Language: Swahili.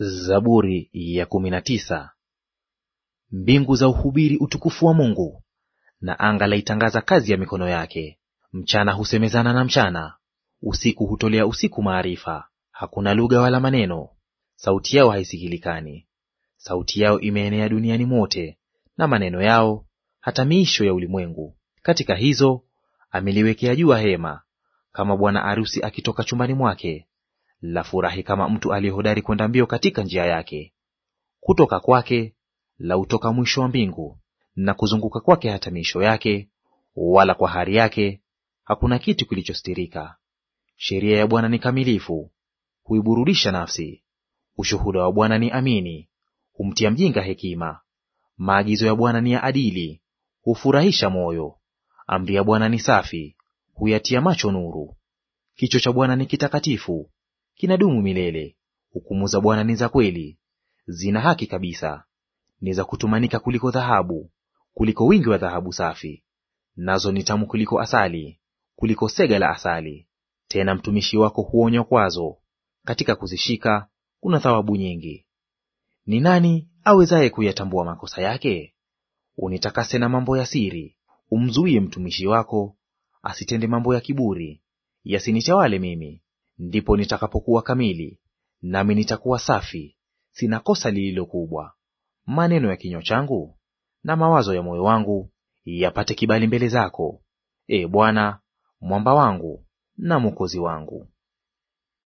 Zaburi ya kumi na tisa. Mbingu za uhubiri utukufu wa Mungu, na anga laitangaza kazi ya mikono yake. Mchana husemezana na mchana, usiku hutolea usiku maarifa. Hakuna lugha wala maneno, sauti yao haisikilikani. Sauti yao imeenea duniani mote, na maneno yao hata miisho ya ulimwengu. Katika hizo ameliwekea jua hema, kama bwana arusi akitoka chumbani mwake lafurahi kama mtu aliyehodari kwenda mbio katika njia yake. Kutoka kwake la utoka mwisho wa mbingu, na kuzunguka kwake hata miisho yake, wala kwa hari yake hakuna kitu kilichostirika. Sheria ya Bwana ni kamilifu, huiburudisha nafsi. Ushuhuda wa Bwana ni amini, humtia mjinga hekima. Maagizo ya Bwana ni ya adili, hufurahisha moyo. Amri ya Bwana ni safi, huyatia macho nuru. Kicho cha Bwana ni kitakatifu, kinadumu milele. Hukumu za Bwana ni za kweli, zina haki kabisa; ni za kutumanika kuliko dhahabu, kuliko wingi wa dhahabu safi. Nazo ni tamu kuliko asali, kuliko sega la asali. Tena mtumishi wako huonywa kwazo, katika kuzishika kuna thawabu nyingi. Ni nani awezaye kuyatambua makosa yake? Unitakase na mambo ya siri, umzuie mtumishi wako asitende mambo ya kiburi, yasinitawale mimi ndipo nitakapokuwa kamili, nami nitakuwa safi, sina kosa lililo kubwa. Maneno ya kinywa changu na mawazo ya moyo wangu yapate kibali mbele zako, e Bwana, mwamba wangu na mwokozi wangu.